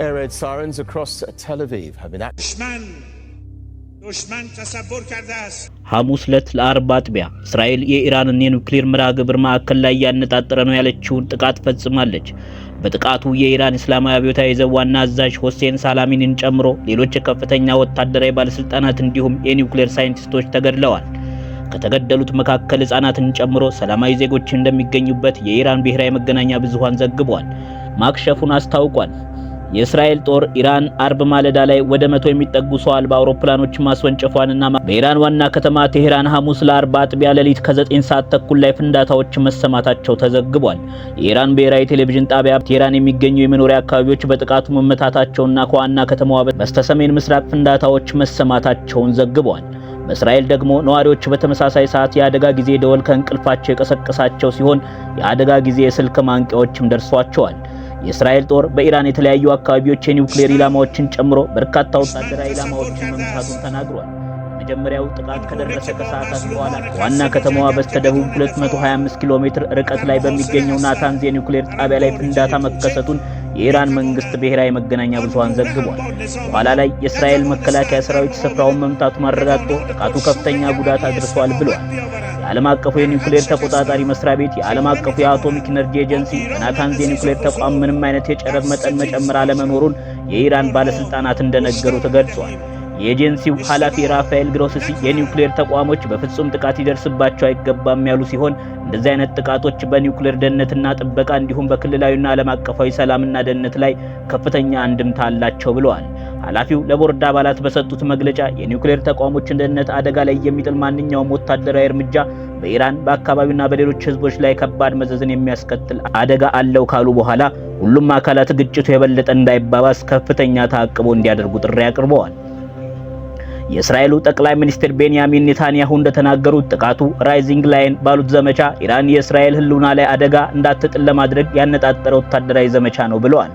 Air raid sirens across Tel Aviv have been ሐሙስ ዕለት ለአርብ አጥቢያ እስራኤል የኢራንን የኒውክሌር መርሃ ግብር ማዕከል ላይ እያነጣጠረ ነው ያለችውን ጥቃት ፈጽማለች። በጥቃቱ የኢራን እስላማዊ አብዮታዊ ዘብ ዋና አዛዥ ሆሴን ሳላሚንን ጨምሮ ሌሎች የከፍተኛ ወታደራዊ ባለስልጣናት እንዲሁም የኒውክሌር ሳይንቲስቶች ተገድለዋል። ከተገደሉት መካከል ህጻናትን ጨምሮ ሰላማዊ ዜጎች እንደሚገኙበት የኢራን ብሔራዊ መገናኛ ብዙሃን ዘግቧል፣ ማክሸፉን አስታውቋል። የእስራኤል ጦር ኢራን አርብ ማለዳ ላይ ወደ መቶ የሚጠጉ ሰው አልባ አውሮፕላኖች ማስወንጨፏንና በኢራን ዋና ከተማ ቴሄራን ሐሙስ ለአርብ አጥቢያ ሌሊት ከዘጠኝ ሰዓት ተኩል ላይ ፍንዳታዎች መሰማታቸው ተዘግቧል። የኢራን ብሔራዊ ቴሌቪዥን ጣቢያ ቴሄራን የሚገኙ የመኖሪያ አካባቢዎች በጥቃቱ መመታታቸውና ከዋና ከተማዋ በስተሰሜን ምስራቅ ፍንዳታዎች መሰማታቸውን ዘግቧል። በእስራኤል ደግሞ ነዋሪዎች በተመሳሳይ ሰዓት የአደጋ ጊዜ ደወል ከእንቅልፋቸው የቀሰቀሳቸው ሲሆን የአደጋ ጊዜ የስልክ ማንቂያዎችም ደርሷቸዋል። የእስራኤል ጦር በኢራን የተለያዩ አካባቢዎች የኒውክሌር ኢላማዎችን ጨምሮ በርካታ ወታደራዊ ኢላማዎችን መምታቱን ተናግሯል። መጀመሪያው ጥቃት ከደረሰ ከሰዓታት በኋላ ከዋና ከተማዋ በስተደቡብ 225 ኪሎ ሜትር ርቀት ላይ በሚገኘው ናታንዝ የኒውክሌር ጣቢያ ላይ ፍንዳታ መከሰቱን የኢራን መንግስት ብሔራዊ መገናኛ ብዙሃን ዘግቧል። በኋላ ላይ የእስራኤል መከላከያ ሰራዊት ስፍራውን መምታቱን አረጋግጦ ጥቃቱ ከፍተኛ ጉዳት አድርሷል ብሏል። የዓለም አቀፉ የኒውክሌር ተቆጣጣሪ መስሪያ ቤት የዓለም አቀፉ የአቶሚክ ኤነርጂ ኤጀንሲ ናታንዝ የኒውክሌር ተቋም ምንም አይነት የጨረር መጠን መጨመር አለመኖሩን የኢራን ባለስልጣናት እንደነገሩ ተገልጿል። የኤጀንሲው ኃላፊ ራፋኤል ግሮስሲ የኒውክሌር ተቋሞች በፍጹም ጥቃት ሊደርስባቸው አይገባም ያሉ ሲሆን እንደዚህ አይነት ጥቃቶች በኒውክሌር ደህንነትና ጥበቃ እንዲሁም በክልላዊና ዓለም አቀፋዊ ሰላምና ደህንነት ላይ ከፍተኛ አንድምታ አላቸው ብለዋል። ኃላፊው ለቦርድ አባላት በሰጡት መግለጫ የኒውክሌር ተቋሞችን ደህንነት አደጋ ላይ የሚጥል ማንኛውም ወታደራዊ እርምጃ በኢራን በአካባቢውና በሌሎች ህዝቦች ላይ ከባድ መዘዝን የሚያስከትል አደጋ አለው ካሉ በኋላ ሁሉም አካላት ግጭቱ የበለጠ እንዳይባባስ ከፍተኛ ተአቅቦ እንዲያደርጉ ጥሪ አቅርበዋል። የእስራኤሉ ጠቅላይ ሚኒስትር ቤንያሚን ኔታንያሁ እንደተናገሩት ጥቃቱ ራይዚንግ ላይን ባሉት ዘመቻ ኢራን የእስራኤል ሕልውና ላይ አደጋ እንዳትጥል ለማድረግ ያነጣጠረ ወታደራዊ ዘመቻ ነው ብለዋል።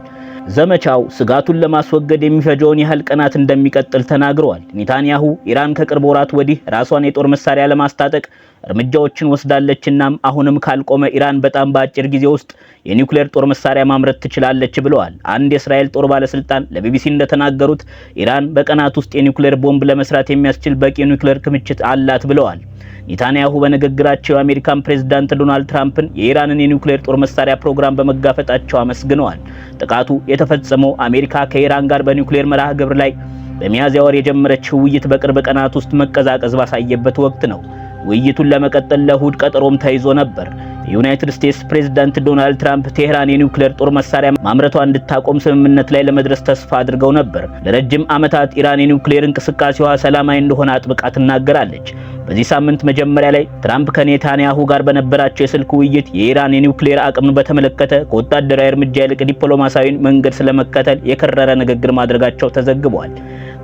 ዘመቻው ስጋቱን ለማስወገድ የሚፈጀውን ያህል ቀናት እንደሚቀጥል ተናግረዋል። ኔታንያሁ ኢራን ከቅርብ ወራት ወዲህ ራሷን የጦር መሳሪያ ለማስታጠቅ እርምጃዎችን ወስዳለች፣ አሁንም ካልቆመ ኢራን በጣም በአጭር ጊዜ ውስጥ የኒውክሌር ጦር መሳሪያ ማምረት ትችላለች ብለዋል። አንድ የእስራኤል ጦር ባለስልጣን ለቢቢሲ እንደተናገሩት ኢራን በቀናት ውስጥ የኒውክሌር ቦምብ ለመስራት የሚያስችል በቂ የኒውክሌር ክምችት አላት ብለዋል። ኔታንያሁ በንግግራቸው የአሜሪካን ፕሬዝዳንት ዶናልድ ትራምፕን የኢራንን የኒውክሌር ጦር መሳሪያ ፕሮግራም በመጋፈጣቸው አመስግነዋል። ጥቃቱ የተፈጸመው አሜሪካ ከኢራን ጋር በኒውክሌር መርሃ ግብር ላይ በሚያዝያ ወር የጀመረችው ውይይት በቅርብ ቀናት ውስጥ መቀዛቀዝ ባሳየበት ወቅት ነው። ውይይቱን ለመቀጠል ለእሁድ ቀጠሮም ተይዞ ነበር። የዩናይትድ ስቴትስ ፕሬዝዳንት ዶናልድ ትራምፕ ቴህራን የኒውክሌር ጦር መሳሪያ ማምረቷን እንድታቆም ስምምነት ላይ ለመድረስ ተስፋ አድርገው ነበር። ለረጅም ዓመታት ኢራን የኒውክሌር እንቅስቃሴዋ ሰላማዊ እንደሆነ አጥብቃ ትናገራለች። በዚህ ሳምንት መጀመሪያ ላይ ትራምፕ ከኔታንያሁ ጋር በነበራቸው የስልክ ውይይት የኢራን የኒውክሌር አቅምን በተመለከተ ከወታደራዊ እርምጃ ይልቅ ዲፕሎማሲያዊ መንገድ ስለመከተል የከረረ ንግግር ማድረጋቸው ተዘግቧል።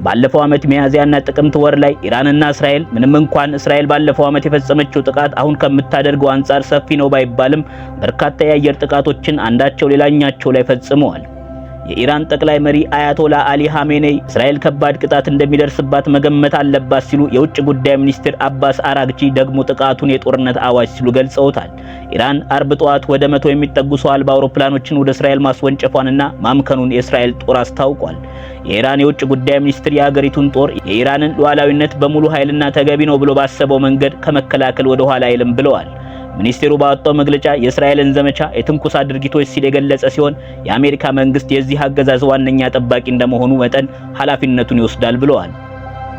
ባለፈው ዓመት ሚያዝያና ጥቅምት ወር ላይ ኢራንና እስራኤል ምንም እንኳን እስራኤል ባለፈው ዓመት የፈጸመችው ጥቃት አሁን ከምታደርገው አንጻር ሰፊ ነው ባይባልም በርካታ የአየር ጥቃቶችን አንዳቸው ሌላኛቸው ላይ ፈጽመዋል። የኢራን ጠቅላይ መሪ አያቶላ አሊ ሐሜኔይ እስራኤል ከባድ ቅጣት እንደሚደርስባት መገመት አለባት ሲሉ የውጭ ጉዳይ ሚኒስትር አባስ አራግቺ ደግሞ ጥቃቱን የጦርነት አዋጅ ሲሉ ገልጸውታል። ኢራን አርብ ጠዋት ወደ መቶ የሚጠጉ ሰው አልባ አውሮፕላኖችን ወደ እስራኤል ማስወንጨፏንና ማምከኑን የእስራኤል ጦር አስታውቋል። የኢራን የውጭ ጉዳይ ሚኒስትር የሀገሪቱን ጦር የኢራንን ሉዓላዊነት በሙሉ ኃይልና ተገቢ ነው ብሎ ባሰበው መንገድ ከመከላከል ወደ ኋላ አይልም ብለዋል። ሚኒስቴሩ ባወጣው መግለጫ የእስራኤልን ዘመቻ የትንኩሳ ድርጊቶች ሲል የገለጸ ሲሆን የአሜሪካ መንግስት የዚህ አገዛዝ ዋነኛ ጠባቂ እንደመሆኑ መጠን ኃላፊነቱን ይወስዳል ብለዋል።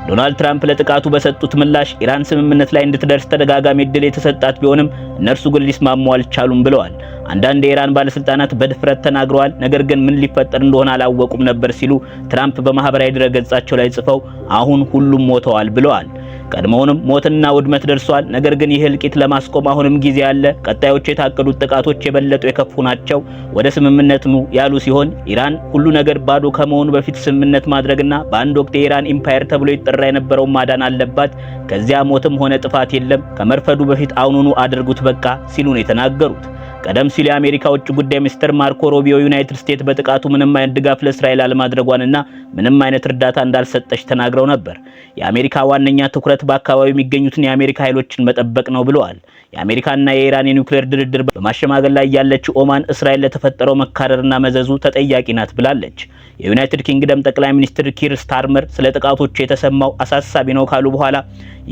ዶናልድ ትራምፕ ለጥቃቱ በሰጡት ምላሽ ኢራን ስምምነት ላይ እንድትደርስ ተደጋጋሚ እድል የተሰጣት ቢሆንም እነርሱ ግን ሊስማሙ አልቻሉም ብለዋል። አንዳንድ የኢራን ባለስልጣናት በድፍረት ተናግረዋል፣ ነገር ግን ምን ሊፈጠር እንደሆነ አላወቁም ነበር ሲሉ ትራምፕ በማህበራዊ ድረገጻቸው ላይ ጽፈው አሁን ሁሉም ሞተዋል ብለዋል። ቀድሞውንም ሞትና ውድመት ደርሷል። ነገር ግን ይህ እልቂት ለማስቆም አሁንም ጊዜ አለ። ቀጣዮቹ የታቀዱት ጥቃቶች የበለጡ የከፉ ናቸው። ወደ ስምምነት ኑ ያሉ ሲሆን ኢራን ሁሉ ነገር ባዶ ከመሆኑ በፊት ስምምነት ማድረግና በአንድ ወቅት የኢራን ኢምፓየር ተብሎ ይጠራ የነበረው ማዳን አለባት። ከዚያ ሞትም ሆነ ጥፋት የለም። ከመርፈዱ በፊት አሁኑኑ አድርጉት በቃ ሲሉ ነው የተናገሩት። ቀደም ሲል የአሜሪካ ውጭ ጉዳይ ሚኒስትር ማርኮ ሮቢዮ ዩናይትድ ስቴትስ በጥቃቱ ምንም አይነት ድጋፍ ለእስራኤል አለማድረጓንና ምንም አይነት እርዳታ እንዳልሰጠች ተናግረው ነበር። የአሜሪካ ዋነኛ ትኩረት በአካባቢው የሚገኙትን የአሜሪካ ኃይሎችን መጠበቅ ነው ብለዋል። የአሜሪካና የኢራን የኒውክሌር ድርድር በማሸማገል ላይ ያለችው ኦማን እስራኤል ለተፈጠረው መካረርና መዘዙ ተጠያቂ ናት ብላለች። የዩናይትድ ኪንግደም ጠቅላይ ሚኒስትር ኪር ስታርመር ስለ ጥቃቶቹ የተሰማው አሳሳቢ ነው ካሉ በኋላ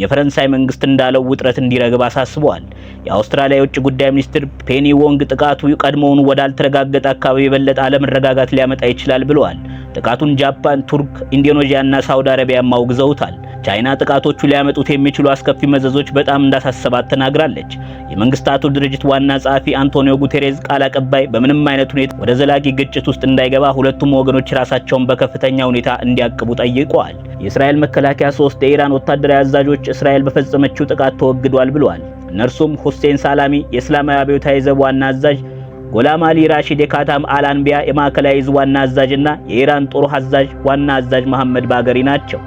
የፈረንሳይ መንግስት እንዳለው ውጥረት እንዲረግብ አሳስበዋል። የአውስትራሊያ የውጭ ጉዳይ ሚኒስትር ፔኒ ዎንግ ጥቃቱ ቀድሞውን ወዳልተረጋገጠ አካባቢ የበለጠ አለመረጋጋት ሊያመጣ ይችላል ብለዋል። ጥቃቱን ጃፓን፣ ቱርክ፣ ኢንዶኔዥያና ሳውዲ አረቢያ ማውግዘውታል። ቻይና ጥቃቶቹ ሊያመጡት የሚችሉ አስከፊ መዘዞች በጣም እንዳሳሰባት ተናግራለች። የመንግስታቱ ድርጅት ዋና ጸሐፊ አንቶኒዮ ጉቴሬዝ ቃል አቀባይ በምንም አይነት ሁኔታ ወደ ዘላቂ ግጭት ውስጥ እንዳይገባ ሁለቱም ወገኖች ራሳቸውን በከፍተኛ ሁኔታ እንዲያቅቡ ጠይቀዋል። የእስራኤል መከላከያ ሶስት የኢራን ወታደራዊ አዛዦች እስራኤል በፈጸመችው ጥቃት ተወግዷል ብለዋል። እነርሱም ሁሴን ሳላሚ የእስላማዊ አብዮታዊ ዘብ ዋና አዛዥ፣ ጎላም አሊ ራሺድ የካታም አልአንቢያ የማዕከላዊ ዕዝ ዋና አዛዥና የኢራን ጦር አዛዥ ዋና አዛዥ መሐመድ ባገሪ ናቸው።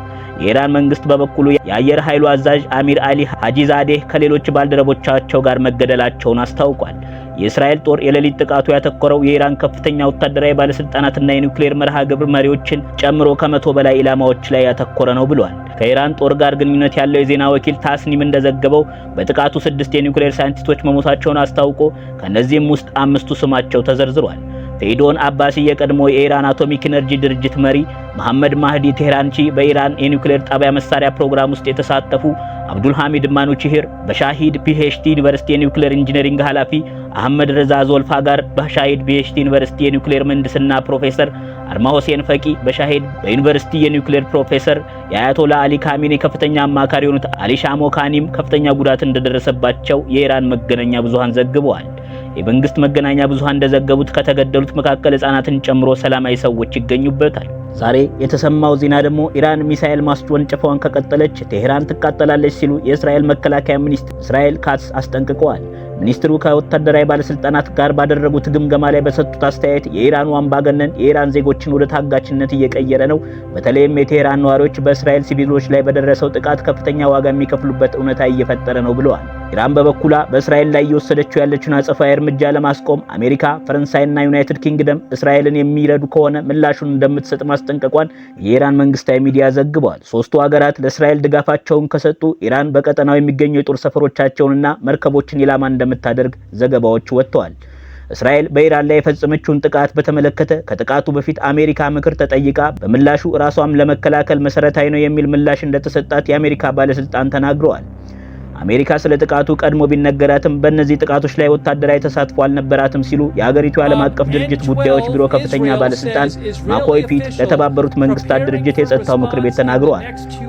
የኢራን መንግስት በበኩሉ የአየር ኃይሉ አዛዥ አሚር አሊ ሀጂ ከሌሎች ባልደረቦቻቸው ጋር መገደላቸውን አስታውቋል። የእስራኤል ጦር የሌሊት ጥቃቱ ያተኮረው የኢራን ከፍተኛ ወታደራዊ ባለስልጣናትና የኒውክሌር መርሃ ግብር መሪዎችን ጨምሮ ከመቶ በላይ ኢላማዎች ላይ ያተኮረ ነው ብሏል። ከኢራን ጦር ጋር ግንኙነት ያለው የዜና ወኪል ታስኒም እንደዘገበው በጥቃቱ ስድስት የኒውክሌር ሳይንቲስቶች መሞታቸውን አስታውቆ ከነዚህም ውስጥ አምስቱ ስማቸው ተዘርዝሯል። ሰይዶን አባሲ የቀድሞ የኢራን አቶሚክ ኤነርጂ ድርጅት መሪ፣ መሐመድ ማህዲ ቴህራንቺ በኢራን የኒውክሌር ጣቢያ መሳሪያ ፕሮግራም ውስጥ የተሳተፉ፣ አብዱል ሐሚድ በሻሂድ ፒኤችዲ ዩኒቨርሲቲ የኒውክሌር ኢንጂነሪንግ ኃላፊ፣ አህመድ ረዛ ዞልፋ ጋር በሻሂድ ፒኤችዲ ዩኒቨርሲቲ የኒውክሌር ምህንድስና ፕሮፌሰር፣ አርማ ሁሴን ፈቂ በሻሂድ በዩኒቨርሲቲ የኒውክሌር ፕሮፌሰር፣ የአያቶላ አሊ ካሚኔ ከፍተኛ አማካሪ የሆኑት አሊ ሻሞካኒም ከፍተኛ ጉዳት እንደደረሰባቸው የኢራን መገናኛ ብዙሃን ዘግበዋል። የመንግስት መገናኛ ብዙሃን እንደዘገቡት ከተገደሉት መካከል ህጻናትን ጨምሮ ሰላማዊ ሰዎች ይገኙበታል። ዛሬ የተሰማው ዜና ደግሞ ኢራን ሚሳኤል ማስወንጨፏን ከቀጠለች ቴህራን ትቃጠላለች ሲሉ የእስራኤል መከላከያ ሚኒስትር እስራኤል ካትስ አስጠንቅቀዋል። ሚኒስትሩ ከወታደራዊ ባለስልጣናት ጋር ባደረጉት ግምገማ ላይ በሰጡት አስተያየት የኢራኑ አምባገነን የኢራን ዜጎችን ወደ ታጋችነት እየቀየረ ነው፣ በተለይም የቴህራን ነዋሪዎች በእስራኤል ሲቪሎች ላይ በደረሰው ጥቃት ከፍተኛ ዋጋ የሚከፍሉበት እውነታ እየፈጠረ ነው ብለዋል። ኢራን በበኩሏ በእስራኤል ላይ እየወሰደችው ያለችውን አጸፋዊ እርምጃ ለማስቆም አሜሪካ፣ ፈረንሳይና ዩናይትድ ኪንግደም እስራኤልን የሚረዱ ከሆነ ምላሹን እንደምትሰጥ ማስጠንቀቋን የኢራን መንግስታዊ ሚዲያ ዘግቧል። ሶስቱ ሀገራት ለእስራኤል ድጋፋቸውን ከሰጡ ኢራን በቀጠናው የሚገኙ የጦር ሰፈሮቻቸውንና መርከቦችን ኢላማ እንደምታደርግ ዘገባዎች ወጥተዋል። እስራኤል በኢራን ላይ የፈጸመችውን ጥቃት በተመለከተ ከጥቃቱ በፊት አሜሪካ ምክር ተጠይቃ በምላሹ ራሷም ለመከላከል መሰረታዊ ነው የሚል ምላሽ እንደተሰጣት የአሜሪካ ባለስልጣን ተናግረዋል። አሜሪካ ስለ ጥቃቱ ቀድሞ ቢነገራትም በእነዚህ ጥቃቶች ላይ ወታደራዊ ተሳትፎ አልነበራትም ሲሉ የሀገሪቱ የዓለም አቀፍ ድርጅት ጉዳዮች ቢሮ ከፍተኛ ባለስልጣን ማኮይ ፒት ለተባበሩት መንግስታት ድርጅት የጸጥታው ምክር ቤት ተናግረዋል።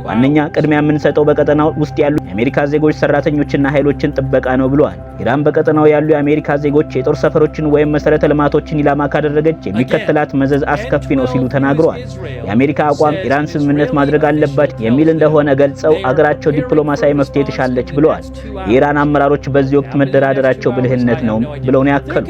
ዋነኛ ቅድሚያ የምንሰጠው በቀጠናው ውስጥ ያሉ የአሜሪካ ዜጎች ሰራተኞችና ኃይሎችን ጥበቃ ነው ብለዋል። ኢራን በቀጠናው ያሉ የአሜሪካ ዜጎች የጦር ሰፈሮችን ወይም መሰረተ ልማቶችን ኢላማ ካደረገች የሚከተላት መዘዝ አስከፊ ነው ሲሉ ተናግረዋል። የአሜሪካ አቋም ኢራን ስምምነት ማድረግ አለባት የሚል እንደሆነ ገልጸው አገራቸው ዲፕሎማሲያዊ መፍትሄ ትሻለች ብለዋል። የኢራን አመራሮች በዚህ ወቅት መደራደራቸው ብልህነት ነው ብለው ነው ያከሉ።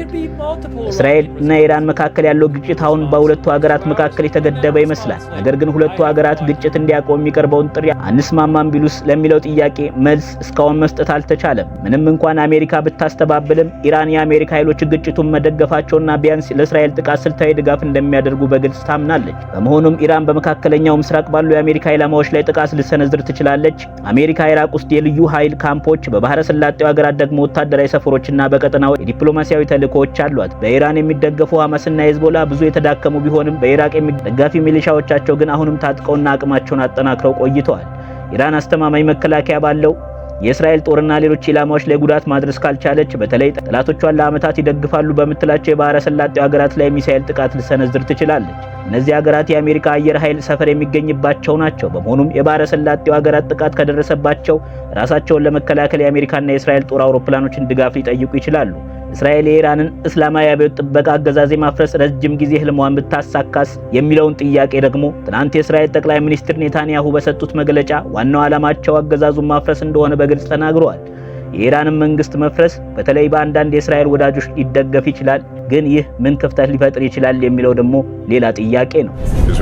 እስራኤል እና ኢራን መካከል ያለው ግጭት አሁን በሁለቱ ሀገራት መካከል የተገደበ ይመስላል። ነገር ግን ሁለቱ ሀገራት ግጭት እንዲያቆም የሚቀርበውን ጥሪ አንስማማም ቢሉስ ለሚለው ጥያቄ መልስ እስካሁን መስጠት አልተቻለም። ምንም እንኳን አሜሪካ ብታስተባብልም ኢራን የአሜሪካ ኃይሎች ግጭቱን መደገፋቸውና ቢያንስ ለእስራኤል ጥቃት ስልታዊ ድጋፍ እንደሚያደርጉ በግልጽ ታምናለች። በመሆኑም ኢራን በመካከለኛው ምስራቅ ባሉ የአሜሪካ ኢላማዎች ላይ ጥቃት ልሰነዝር ትችላለች። አሜሪካ ኢራቅ ውስጥ የልዩ ኃይል ካምፖች፣ በባህረ ሰላጤው ሀገራት ደግሞ ወታደራዊ ሰፈሮችና በቀጠናው የዲፕሎማሲያዊ ተልእኮዎች አሏት። በኢራን የሚደገፉ ሐማስና ሄዝቦላ ብዙ የተዳከሙ ቢሆንም በኢራቅ የሚደጋፊ ሚሊሻዎቻቸው ግን አሁንም ታጥቀውና አቅማቸውን አጠናክረው ቆይተዋል። ኢራን አስተማማኝ መከላከያ ባለው የእስራኤል ጦርና ሌሎች ኢላማዎች ላይ ጉዳት ማድረስ ካልቻለች በተለይ ጠላቶቿን ለዓመታት ይደግፋሉ በምትላቸው የባህረ ሰላጤው ሀገራት ላይ ሚሳኤል ጥቃት ልሰነዝር ትችላለች። እነዚህ ሀገራት የአሜሪካ አየር ኃይል ሰፈር የሚገኝባቸው ናቸው። በመሆኑም የባህረ ሰላጤው ሀገራት ጥቃት ከደረሰባቸው ራሳቸውን ለመከላከል የአሜሪካና የእስራኤል ጦር አውሮፕላኖችን ድጋፍ ሊጠይቁ ይችላሉ። እስራኤል የኢራንን እስላማዊ አብዮት ጥበቃ አገዛዝ ማፍረስ ረጅም ጊዜ ህልሟን ብታሳካስ የሚለውን ጥያቄ ደግሞ ትናንት የእስራኤል ጠቅላይ ሚኒስትር ኔታንያሁ በሰጡት መግለጫ ዋናው ዓላማቸው አገዛዙን ማፍረስ እንደሆነ በግልጽ ተናግረዋል። የኢራንን መንግስት መፍረስ በተለይ በአንዳንድ የእስራኤል ወዳጆች ሊደገፍ ይችላል፣ ግን ይህ ምን ክፍተት ሊፈጥር ይችላል የሚለው ደግሞ ሌላ ጥያቄ ነው።